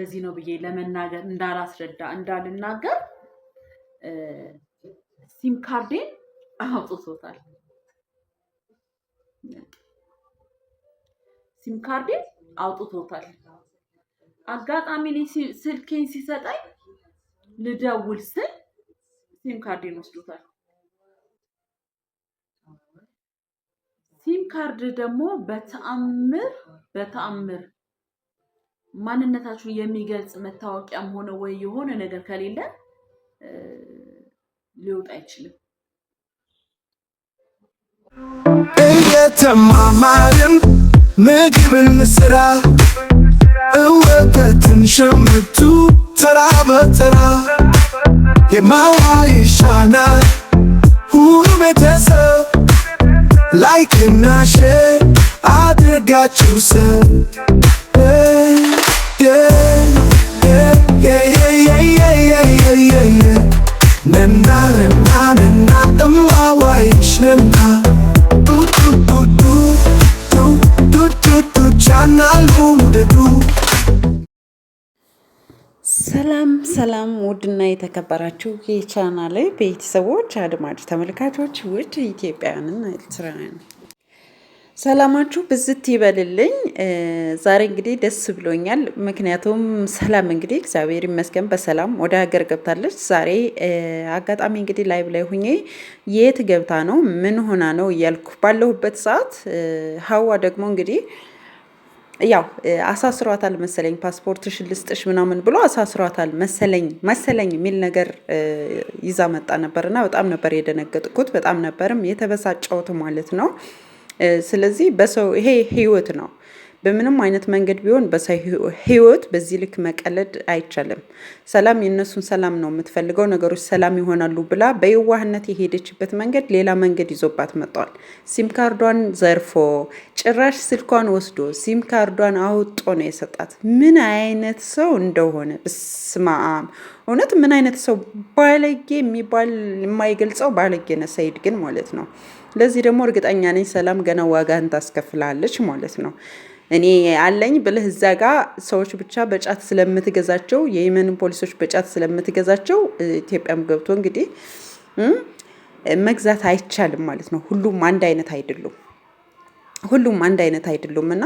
ለዚህ ነው ብዬ ለመናገር እንዳላስረዳ እንዳልናገር ሲም ካርዴን አውጥቶታል። ሲም ካርዴን አውጥቶታል። አጋጣሚ ስልኬን ሲሰጠኝ ልደውል ስል ሲም ካርዴን ወስዶታል። ሲም ካርድ ደግሞ በተአምር በተአምር ማንነታችሁን የሚገልጽ መታወቂያም ሆነ ወይ የሆነ ነገር ከሌለ ሊወጣ አይችልም። እየተማማርን ምግብን ስራ እወተትን ሸምቱ ተራ በተራ የማዋ ይሻናል ሁሉ ቤተሰብ ላይክና ሼር አድርጋችሁ ሰብ ሰላም ሰላም ውድና የተከበራችሁ የቻናሌ ቤተሰቦች አድማጭ ተመልካቾች ውድ ኢትዮጵያውያንን ኤርትራውያን ሰላማችሁ ብዝት ይበልልኝ። ዛሬ እንግዲህ ደስ ብሎኛል። ምክንያቱም ሰላም እንግዲህ እግዚአብሔር ይመስገን በሰላም ወደ ሀገር ገብታለች። ዛሬ አጋጣሚ እንግዲህ ላይቭ ላይ ሁኜ የት ገብታ ነው ምን ሆና ነው እያልኩ ባለሁበት ሰዓት ሀዋ ደግሞ እንግዲህ ያው አሳስሯታል መሰለኝ ፓስፖርትሽን ልስጥሽ ምናምን ብሎ አሳስሯታል መሰለኝ መሰለኝ የሚል ነገር ይዛ መጣ ነበርና በጣም ነበር የደነገጥኩት። በጣም ነበርም የተበሳጨሁት ማለት ነው። ስለዚህ በሰው ይሄ ህይወት ነው። በምንም አይነት መንገድ ቢሆን በሰው ህይወት በዚህ ልክ መቀለድ አይቻልም። ሰላም የእነሱን ሰላም ነው የምትፈልገው፣ ነገሮች ሰላም ይሆናሉ ብላ በየዋህነት የሄደችበት መንገድ ሌላ መንገድ ይዞባት መጥቷል። ሲም ካርዷን ዘርፎ ጭራሽ ስልኳን ወስዶ ሲም ካርዷን አውጦ ነው የሰጣት። ምን አይነት ሰው እንደሆነ ብስማም! እውነት ምን አይነት ሰው ባለጌ የሚባል የማይገልጸው ባለጌ ነው ግን ማለት ነው። ለዚህ ደግሞ እርግጠኛ ነኝ ሰላም ገና ዋጋህን ታስከፍላለች ማለት ነው። እኔ አለኝ ብልህ እዛ ጋ ሰዎች ብቻ በጫት ስለምትገዛቸው የየመን ፖሊሶች በጫት ስለምትገዛቸው ኢትዮጵያም ገብቶ እንግዲህ መግዛት አይቻልም ማለት ነው። ሁሉም አንድ አይነት አይደሉም። ሁሉም አንድ አይነት አይደሉም እና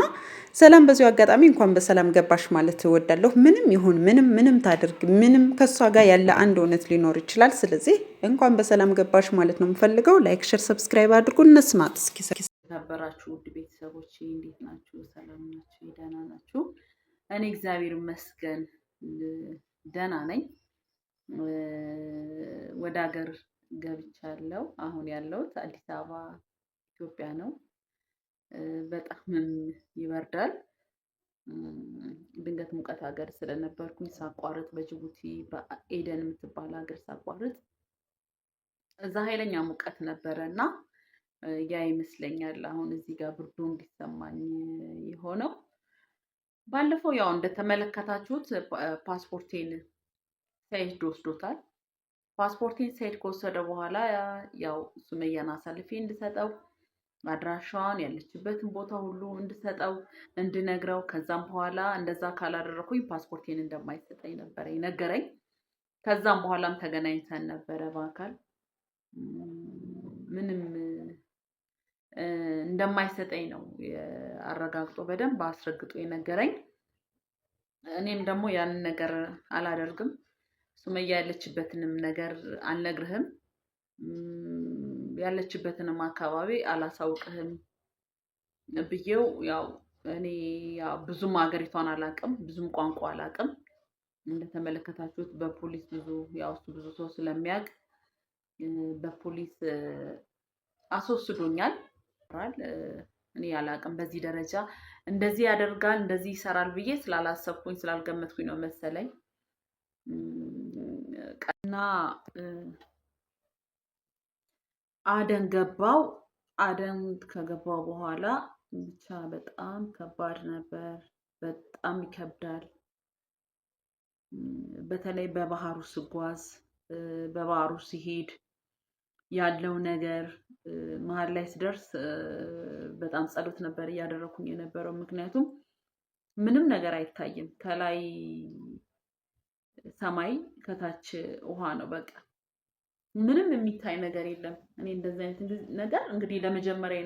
ሰላም በዚሁ አጋጣሚ እንኳን በሰላም ገባሽ ማለት እወዳለሁ። ምንም ይሁን ምንም ምንም ታድርግ ምንም ከእሷ ጋር ያለ አንድ እውነት ሊኖር ይችላል። ስለዚህ እንኳን በሰላም ገባሽ ማለት ነው የምፈልገው። ላይክ፣ ሸር፣ ሰብስክራይብ አድርጉ። እነስማት እስኪ ነበራችሁ ውድ ቤተሰቦች እንዴት ናችሁ? ሰላም ናችሁ? ደህና ናችሁ? እኔ እግዚአብሔር ይመስገን ደህና ነኝ። ወደ ሀገር ገብቻለሁ። አሁን ያለሁት አዲስ አበባ ኢትዮጵያ ነው። በጣምም ይበርዳል። ድንገት ሙቀት ሀገር ስለነበርኩኝ ሳቋርጥ በጅቡቲ በኤደን የምትባል ሀገር ሳቋርጥ እዛ ኃይለኛ ሙቀት ነበረ እና ያ ይመስለኛል አሁን እዚህ ጋር ብርዱ እንዲሰማኝ የሆነው። ባለፈው ያው እንደተመለከታችሁት ፓስፖርቴን ሰኢድ ወስዶታል። ፓስፖርቴን ሰኢድ ከወሰደ በኋላ ያው ሱመያን አሳልፌ እንድሰጠው አድራሻዋን ያለችበትን ቦታ ሁሉ እንድሰጠው እንድነግረው ከዛም በኋላ እንደዛ ካላደረኩኝ ፓስፖርቴን እንደማይሰጠኝ ነበረ ነገረኝ። ከዛም በኋላም ተገናኝተን ነበረ በአካል ምንም እንደማይሰጠኝ ነው አረጋግጦ በደንብ አስረግጦ የነገረኝ። እኔም ደግሞ ያንን ነገር አላደርግም ሱመያ ያለችበትንም ነገር አልነግርህም ያለችበትንም አካባቢ አላሳውቅህም ብዬው ያው እኔ ብዙም ሀገሪቷን አላቅም፣ ብዙም ቋንቋ አላቅም። እንደተመለከታችሁት በፖሊስ ብዙ ያው እሱ ብዙ ሰው ስለሚያውቅ በፖሊስ አስወስዶኛል። እኔ አላቅም። በዚህ ደረጃ እንደዚህ ያደርጋል እንደዚህ ይሰራል ብዬ ስላላሰብኩኝ ስላልገመትኩኝ ነው መሰለኝ እና አደን ገባው። አደን ከገባው በኋላ ብቻ በጣም ከባድ ነበር። በጣም ይከብዳል። በተለይ በባህሩ ስጓዝ በባህሩ ሲሄድ ያለው ነገር መሀል ላይ ስደርስ በጣም ጸሎት ነበር እያደረኩኝ የነበረው። ምክንያቱም ምንም ነገር አይታይም። ከላይ ሰማይ ከታች ውሃ ነው በቃ ምንም የሚታይ ነገር የለም። እኔ እንደዚህ አይነት ነገር እንግዲህ ለመጀመሪያ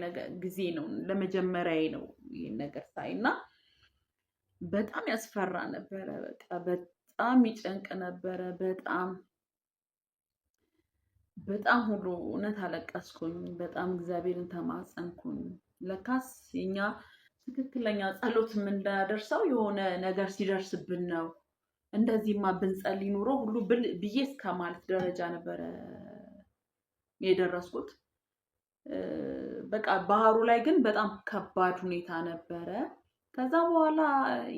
ጊዜ ነው ለመጀመሪያ ነው ይህን ነገር ሳይ እና በጣም ያስፈራ ነበረ። በቃ በጣም ይጨንቅ ነበረ። በጣም በጣም ሁሉ እውነት አለቀስኩኝ። በጣም እግዚአብሔርን ተማጸንኩኝ። ለካስ እኛ ትክክለኛ ጸሎት የምናደርሰው የሆነ ነገር ሲደርስብን ነው እንደዚህማ ብንጸልይ ኑሮ ሁሉ ብዬ እስከ ማለት ደረጃ ነበረ የደረስኩት። በቃ ባህሩ ላይ ግን በጣም ከባድ ሁኔታ ነበረ። ከዛ በኋላ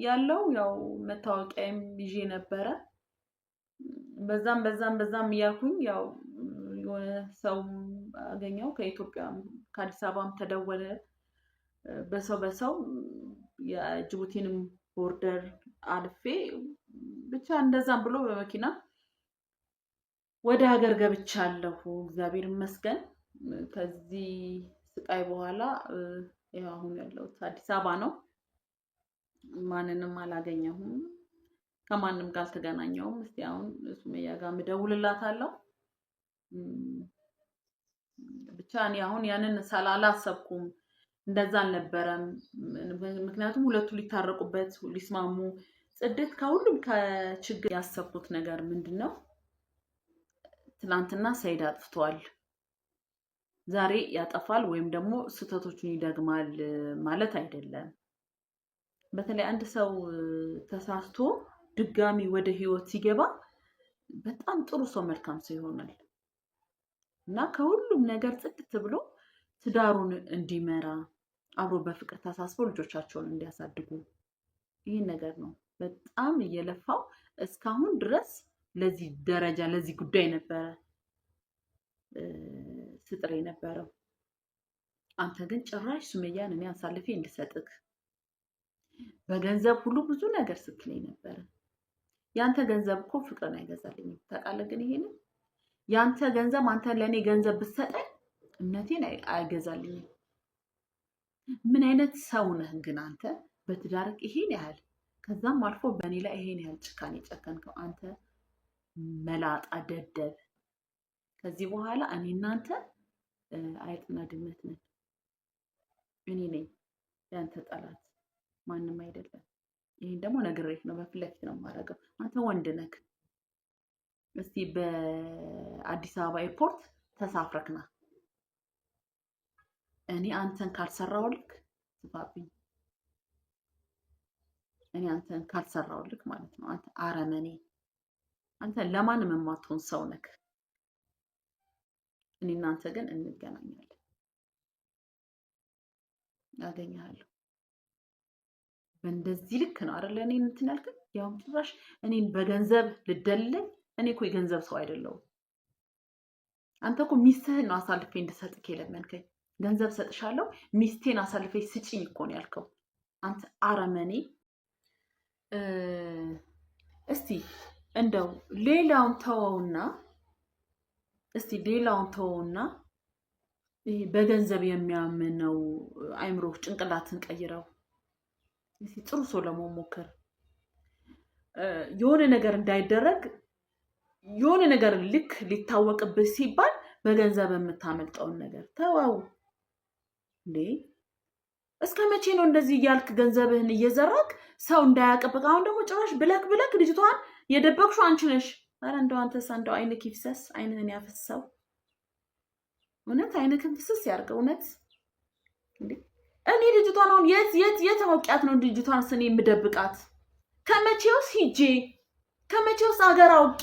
ያለው ያው መታወቂያም ይዤ ነበረ። በዛም በዛም በዛም እያልኩኝ ያው የሆነ ሰው አገኘው ከኢትዮጵያ ከአዲስ አበባም ተደወለ። በሰው በሰው የጅቡቲንም ቦርደር አልፌ ብቻ እንደዛም ብሎ በመኪና ወደ ሀገር ገብቻለሁ። እግዚአብሔር ይመስገን። ከዚህ ስቃይ በኋላ ያው አሁን ያለሁት አዲስ አበባ ነው። ማንንም አላገኘሁም፣ ከማንም ጋር አልተገናኘሁም። እስቲ አሁን ሱመያ ጋር እደውልላታለሁ። ብቻ እኔ አሁን ያንን ሳላላሰብኩም እንደዛ አልነበረም። ምክንያቱም ሁለቱ ሊታረቁበት ሊስማሙ ጽድት ከሁሉም ከችግር ያሰብኩት ነገር ምንድን ነው? ትናንትና ሰይድ አጥፍቷል፣ ዛሬ ያጠፋል ወይም ደግሞ ስህተቶቹን ይደግማል ማለት አይደለም። በተለይ አንድ ሰው ተሳስቶ ድጋሚ ወደ ህይወት ሲገባ በጣም ጥሩ ሰው፣ መልካም ሰው ይሆናል እና ከሁሉም ነገር ጽድት ብሎ ትዳሩን እንዲመራ አብሮ በፍቅር ተሳስቦ ልጆቻቸውን እንዲያሳድጉ ይህን ነገር ነው በጣም እየለፋው እስካሁን ድረስ ለዚህ ደረጃ ለዚህ ጉዳይ ነበረ ስጥር የነበረው። አንተ ግን ጭራሽ ሱመያን እኔ አሳልፌ እንድሰጥክ በገንዘብ ሁሉ ብዙ ነገር ስትለኝ ነበረ። ያንተ ገንዘብ እኮ ፍቅርን አይገዛልኝም። ታውቃለህ ግን ይሄንን ያንተ ገንዘብ አንተ ለእኔ ገንዘብ ብትሰጠኝ እምነቴን አይገዛልኝም። ምን አይነት ሰው ነህ ግን አንተ በትዳርቅ ይሄን ያህል ከዛም አልፎ በእኔ ላይ ይሄን ያህል ጭካኔ ጨከንከው አንተ መላጣ ደደብ፣ ከዚህ በኋላ እኔ እናንተ አይጥና ድመት ነን። እኔ ነኝ የአንተ ጠላት፣ ማንም አይደለም። ይህን ደግሞ ነግሬህ ነው፣ በፊት ለፊት ነው የማደርገው። አንተ ወንድ ነክ እስቲ በአዲስ አበባ ኤርፖርት ተሳፍረክና እኔ አንተን ካልሰራሁልክ ስፋብኝ እኔ አንተን ካልሰራውልክ ማለት ነው። አንተ አረመኔ፣ አንተ ለማንም የማትሆን ሰው ነክ። እኔ እናንተ ግን እንገናኛለን፣ ያገኛለሁ። በእንደዚህ ልክ ነው አደለ እኔ እንትን ያልክ ያውም ጭራሽ እኔን በገንዘብ ልደልለኝ። እኔ እኮ የገንዘብ ሰው አይደለሁም። አንተ እኮ ሚስትህን ነው አሳልፌ እንድሰጥክ የለመንከኝ። ገንዘብ ሰጥሻለሁ፣ ሚስቴን አሳልፌ ስጪኝ እኮ ነው ያልከው። አንተ አረመኔ እስቲ እንደው ሌላውን ተወውና እስቲ ሌላውን ተወውና በገንዘብ የሚያምነው አይምሮ ጭንቅላትን ቀይረው ጥሩ ሰው ለመሞከር የሆነ ነገር እንዳይደረግ የሆነ ነገር ልክ ሊታወቅብህ ሲባል በገንዘብ የምታመልጠውን ነገር ተወው እንዴ። እስከ መቼ ነው እንደዚህ እያልክ ገንዘብህን እየዘራክ ሰው እንዳያቀበቅ? አሁን ደግሞ ጭራሽ ብለክ ብለክ ልጅቷን የደበቅሽው አንቺ ነሽ። ኧረ እንደው እንደው አይንክ ይፍሰስ፣ አይንህን ያፈሰው እውነት አይንክን ፍስስ ያርገው። እውነት እኔ ልጅቷን አሁን የት የት የት አውቂያት ነው ልጅቷን ስን የምደብቃት? ከመቼውስ ሂጄ ከመቼውስ አገር አውቄ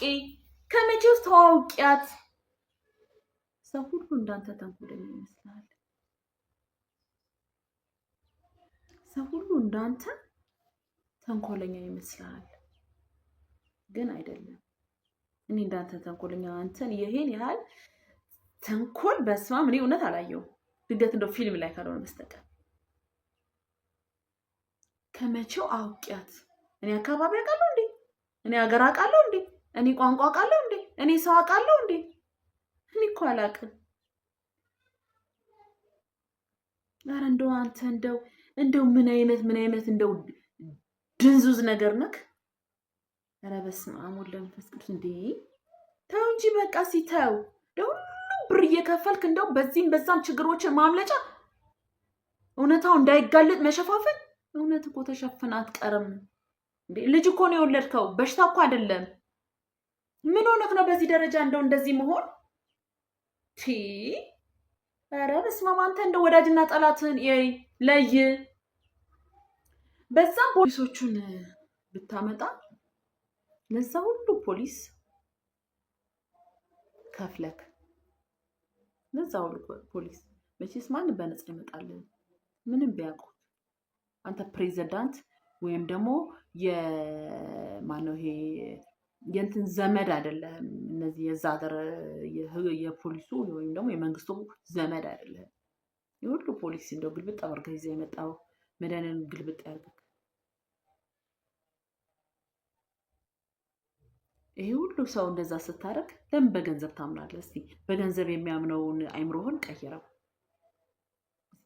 ከመቼውስ ተዋውቂያት? ሰው ሁሉ እንዳንተ ተንኮለኛ ይመስላል። ሰው ሁሉ እንዳንተ ተንኮለኛ ይመስላል ግን አይደለም። እኔ እንዳንተ ተንኮለኛ አንተን ይሄን ያህል ተንኮል በስማም እኔ እውነት አላየው ልደት እንደው ፊልም ላይ ካልሆነ በስተቀር ከመቼው አውቂያት እኔ አካባቢ አውቃለሁ እንዴ? እኔ ሀገር አውቃለሁ እንዴ? እኔ ቋንቋ አውቃለሁ እንዴ? እኔ ሰው አውቃለሁ እንዴ? እኔ እኮ አላውቅም። ኧረ እንደው አንተ እንደው እንደው ምን አይነት ምን አይነት እንደው ድንዙዝ ነገር ነክ። ኧረ በስመ አብ ወወልድ ወመንፈስ ቅዱስ። እንዴ ተው እንጂ በቃ ሲተው እንደው ብር እየከፈልክ እንደው በዚህም በዛም ችግሮችን ማምለጫ እውነታው እንዳይጋለጥ መሸፋፈን። እውነት እኮ ተሸፍና አትቀርም። ልጅ እኮ ነው የወለድከው፣ በሽታ እኮ አይደለም። ምን ሆነክ ነው በዚህ ደረጃ እንደው እንደዚህ መሆን? ኧረ በስመ አብ አንተ እንደ ወዳጅና ጠላትን ለይ። በዛም ፖሊሶቹን ብታመጣ ለዛ ሁሉ ፖሊስ ከፍለክ ለዛ ሁሉ ፖሊስ መቼስ ማን በነፃ ይመጣልን? ምንም ቢያውቁ አንተ ፕሬዚዳንት ወይም ደግሞ የማነው ይሄ የእንትን ዘመድ አይደለህም። እነዚህ የዛ ሀገር የፖሊሱ ወይም ደግሞ የመንግስቱ ዘመድ አይደለህም። የሁሉ ፖሊስ እንደው ግልብጥ አበርገ ይዘ የመጣው መድኃኒን ግልብጥ ያደርግ ይሄ ሁሉ ሰው እንደዛ ስታደርግ ለምን በገንዘብ ታምናለህ? እስቲ በገንዘብ የሚያምነውን አይምሮህን ቀይረው።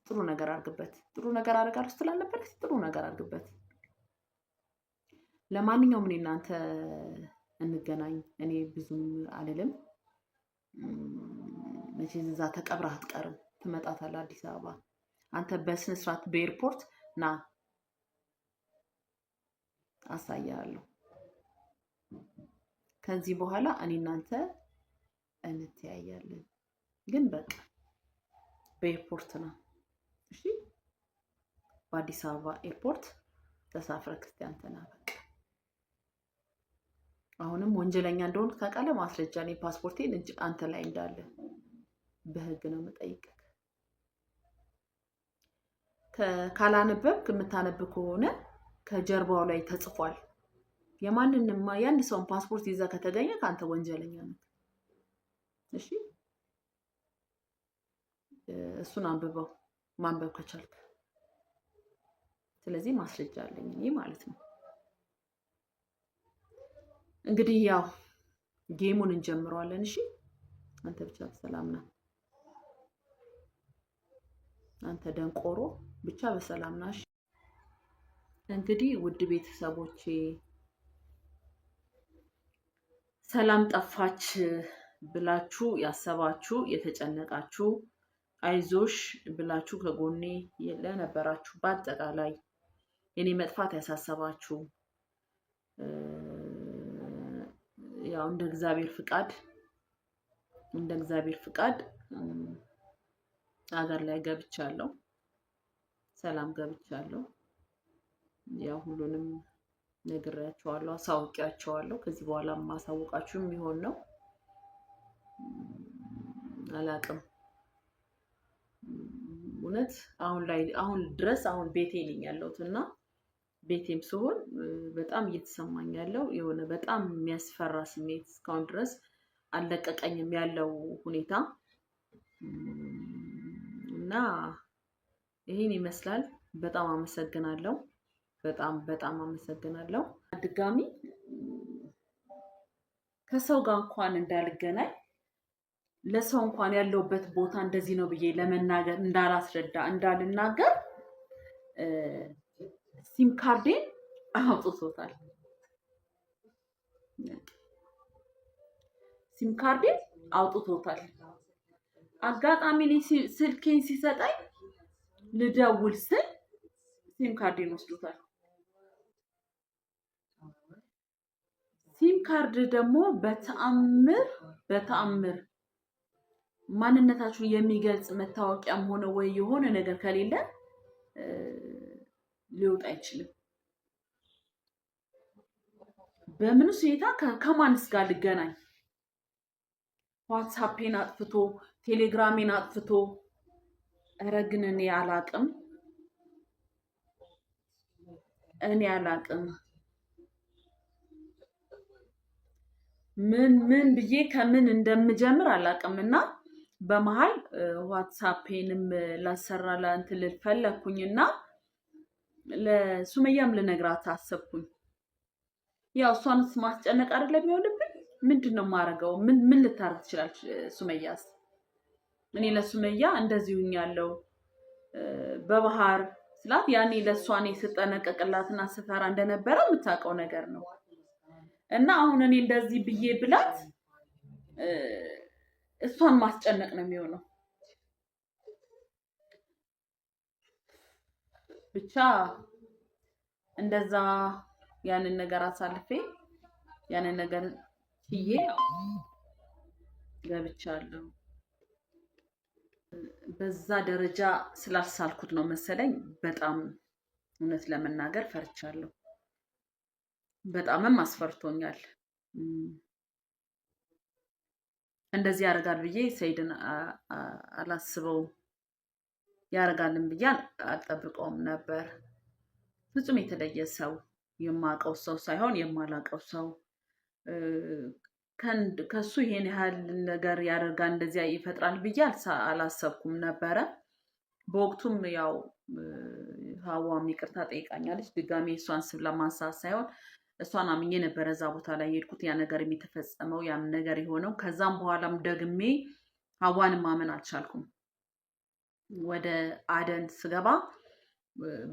ጥሩ ነገር አድርግበት። ጥሩ ነገር አርጋር ውስጥ ላለበት ጥሩ ነገር አርግበት። ለማንኛውም እኔ እናንተ እንገናኝ። እኔ ብዙም አልልም። መቼ እዛ ተቀብረህ አትቀርም፣ ትመጣታለህ አዲስ አበባ። አንተ በስነ ስርዓት በኤርፖርት ና አሳያለሁ። ከዚህ በኋላ እኔ እናንተ እንተያያለን፣ ግን በቃ በኤርፖርት ና እሺ። በአዲስ አበባ ኤርፖርት ተሳፍረ ክርስቲያን ተናበቅ አሁንም ወንጀለኛ እንደሆን ከቀለ ማስረጃ እኔ ፓስፖርቴን እጅ አንተ ላይ እንዳለ በህግ ነው የምጠይቅህ። ካላነበብክ የምታነብ ከሆነ ከጀርባው ላይ ተጽፏል። የማንንም የአንድ ሰውን ፓስፖርት ይዛ ከተገኘ ከአንተ ወንጀለኛ ነው። እሺ፣ እሱን አንብበው ማንበብ ከቻልክ። ስለዚህ ማስረጃ አለኝ እኔ ማለት ነው። እንግዲህ ያው ጌሙን እንጀምረዋለን። እሺ አንተ ብቻ በሰላም ና፣ አንተ ደንቆሮ ብቻ በሰላም ና። እሺ እንግዲህ ውድ ቤተሰቦቼ ሰላም ጠፋች ብላችሁ ያሰባችሁ የተጨነቃችሁ፣ አይዞሽ ብላችሁ ከጎኔ ለነበራችሁ፣ በአጠቃላይ የኔ መጥፋት ያሳሰባችሁ ያው እንደ እግዚአብሔር ፍቃድ እንደ እግዚአብሔር ፍቃድ ሀገር ላይ ገብቻለሁ፣ ሰላም ገብቻለሁ። ያው ሁሉንም ነግሬያቸዋለሁ፣ አሳውቂያቸዋለሁ። ከዚህ በኋላ ማሳወቃችሁ የሚሆን ነው። አላቅም እውነት አሁን ላይ አሁን ድረስ አሁን ቤቴ ነኝ ያለሁት እና ቤቴም ስሆን በጣም እየተሰማኝ ያለው የሆነ በጣም የሚያስፈራ ስሜት እስካሁን ድረስ አልለቀቀኝም ያለው ሁኔታ እና ይህን ይመስላል። በጣም አመሰግናለሁ። በጣም በጣም አመሰግናለሁ። ድጋሚ ከሰው ጋር እንኳን እንዳልገናኝ ለሰው እንኳን ያለውበት ቦታ እንደዚህ ነው ብዬ ለመናገር እንዳላስረዳ እንዳልናገር ሲም ካርዴን አውጥቶታል። ሲም ካርዴን አውጥቶታል። አጋጣሚ ስልኬን ሲሰጠኝ ልደውል ስል ሲም ካርዴን ወስዶታል። ሲም ካርድ ደግሞ በተአምር በተአምር ማንነታችሁን የሚገልጽ መታወቂያም ሆነ ወይ የሆነ ነገር ከሌለ ሊወጣ አይችልም። በምን ሁኔታ ከማንስ ጋር ልገናኝ? ዋትሳፔን አጥፍቶ ቴሌግራሜን አጥፍቶ፣ እረ ግን እኔ አላቅም እኔ አላቅም ምን ምን ብዬ ከምን እንደምጀምር አላቅም። እና በመሀል ዋትሳፔንም ላሰራ ለእንትን ፈለግኩኝና ለሱመያም ልነግራት አሰብኩኝ። ያው እሷንስ ማስጨነቅ አይደለም የሚሆንብኝ። ምንድን ነው የማደርገው? ምን ምን ልታረግ ትችላለች ሱመያስ? እኔ ለሱመያ እንደዚህ ያለው በባህር ስላት ያኔ ለእሷ እኔ ስጠነቀቅላትና ስፈራ እንደነበረ የምታውቀው ነገር ነው። እና አሁን እኔ እንደዚህ ብዬ ብላት እሷን ማስጨነቅ ነው የሚሆነው። ብቻ እንደዛ ያንን ነገር አሳልፌ ያንን ነገር ችዬ ገብቻለሁ። በዛ ደረጃ ስላሳልኩት ነው መሰለኝ በጣም እውነት ለመናገር ፈርቻለሁ። በጣምም አስፈርቶኛል። እንደዚህ ያደርጋል ብዬ ሰይድን አላስበውም። ያደርጋልን ብያል አልጠብቀውም ነበር። ፍጹም የተለየ ሰው የማውቀው ሰው ሳይሆን የማላውቀው ሰው ከሱ ይሄን ያህል ነገር ያደርጋል፣ እንደዚያ ይፈጥራል ብዬ አላሰብኩም ነበረ። በወቅቱም ያው ሀዋም ይቅርታ ጠይቃኛለች። ድጋሜ እሷን ስብ ለማንሳት ሳይሆን እሷን አምኜ ነበረ እዛ ቦታ ላይ የሄድኩት ያ ነገር የሚተፈጸመው ያም ነገር የሆነው። ከዛም በኋላም ደግሜ ሀዋን ማመን አልቻልኩም። ወደ አደን ስገባ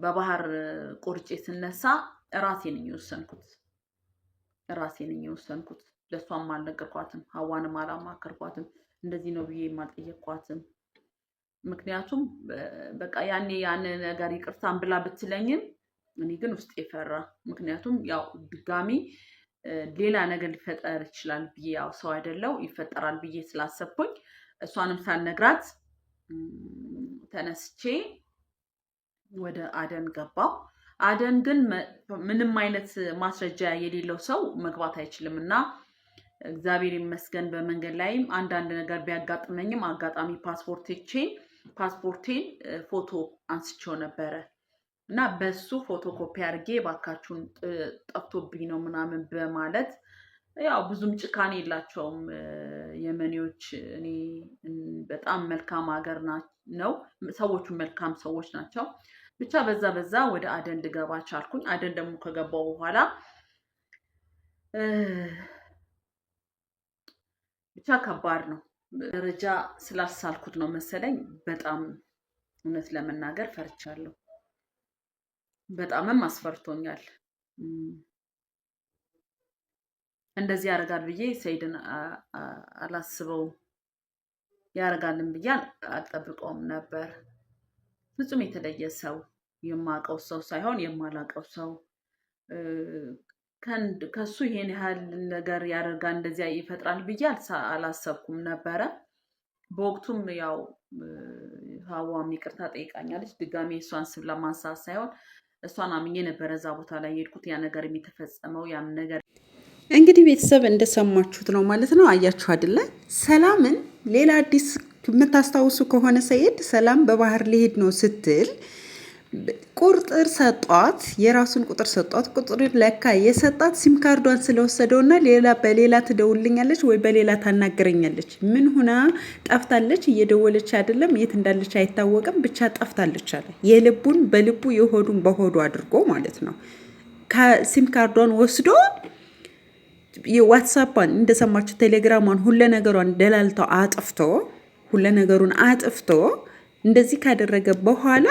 በባህር ቁርጭ ስነሳ ራሴ ነኝ የወሰንኩት። ራሴ ነኝ የወሰንኩት። ለእሷም አልነገርኳትም፣ ሀዋንም አላማከርኳትም፣ እንደዚህ ነው ብዬ አልጠየቅኳትም። ምክንያቱም በቃ ያኔ ያን ነገር ይቅርታን ብላ ብትለኝም እኔ ግን ውስጥ የፈራ ምክንያቱም ያው ድጋሚ ሌላ ነገር ሊፈጠር ይችላል ብዬ ያው ሰው አይደለው ይፈጠራል ብዬ ስላሰብኩኝ እሷንም ሳልነግራት ተነስቼ ወደ አደን ገባው። አደን ግን ምንም አይነት ማስረጃ የሌለው ሰው መግባት አይችልም እና እግዚአብሔር ይመስገን በመንገድ ላይም አንዳንድ ነገር ቢያጋጥመኝም አጋጣሚ ፓስፖርቴቼ ፓስፖርቴን ፎቶ አንስቼው ነበረ እና በሱ ፎቶ ኮፒ አድርጌ ባካችሁን ጠፍቶብኝ ነው ምናምን በማለት ያው ብዙም ጭካኔ የላቸውም የመኔዎች። እኔ በጣም መልካም ሀገር ነው፣ ሰዎቹ መልካም ሰዎች ናቸው። ብቻ በዛ በዛ ወደ አደን ልገባ ቻልኩኝ። አደን ደግሞ ከገባው በኋላ ብቻ ከባድ ነው። ደረጃ ስላሳልኩት ነው መሰለኝ በጣም እውነት ለመናገር ፈርቻለሁ። በጣምም አስፈርቶኛል። እንደዚህ ያደርጋል ብዬ ሰይድን አላስበው ያደርጋልን ብዬ አልጠብቀውም ነበር። ፍጹም የተለየ ሰው፣ የማውቀው ሰው ሳይሆን የማላውቀው ሰው ከሱ ይሄን ያህል ነገር ያደርጋል፣ እንደዚያ ይፈጥራል ብዬ አላሰብኩም ነበረ። በወቅቱም ያው ሀዋም ይቅርታ ጠይቃኛለች። ድጋሜ እሷን ስብ ለማንሳት ሳይሆን እሷን አምኜ ነበረ እዛ ቦታ ላይ የሄድኩት ያ ነገር የሚተፈጸመው ያም ነገር እንግዲህ ቤተሰብ እንደሰማችሁት ነው ማለት ነው። አያችሁ አይደለ? ሰላምን ሌላ አዲስ የምታስታውሱ ከሆነ ሰኢድ ሰላም በባህር ሊሄድ ነው ስትል ቁጥር ሰጧት፣ የራሱን ቁጥር ሰጧት። ቁጥር ለካ የሰጣት ሲም ካርዷን ስለወሰደውና ሌላ በሌላ ትደውልኛለች ወይ በሌላ ታናገረኛለች። ምን ሁና ጠፍታለች፣ እየደወለች አይደለም፣ የት እንዳለች አይታወቅም፣ ብቻ ጠፍታለች አለ። የልቡን በልቡ የሆዱን በሆዱ አድርጎ ማለት ነው። ከሲም ካርዷን ወስዶ የዋትሳፓን እንደሰማችሁ ቴሌግራሟን ሁለ ነገሯን ደላልተው አጥፍቶ ሁለ ነገሩን አጥፍቶ እንደዚህ ካደረገ በኋላ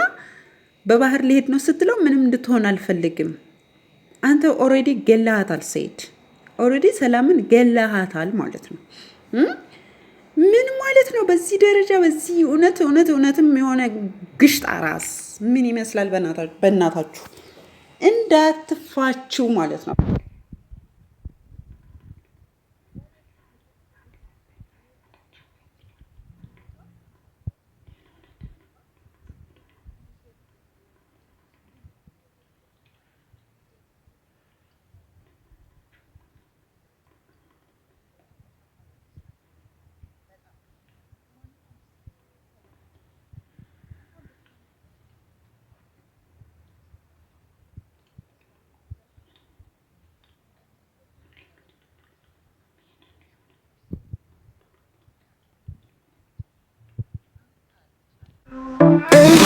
በባህር ሊሄድ ነው ስትለው ምንም እንድትሆን አልፈልግም። አንተ ኦልሬዲ ገላሃታል፣ ሰኢድ ኦልሬዲ ሰላምን ገላሃታል ማለት ነው። ምን ማለት ነው? በዚህ ደረጃ በዚህ እውነት እውነት እውነትም የሆነ ግሽጣ ራስ ምን ይመስላል? በእናታችሁ እንዳትፋችሁ ማለት ነው።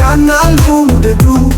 Canal Hunde du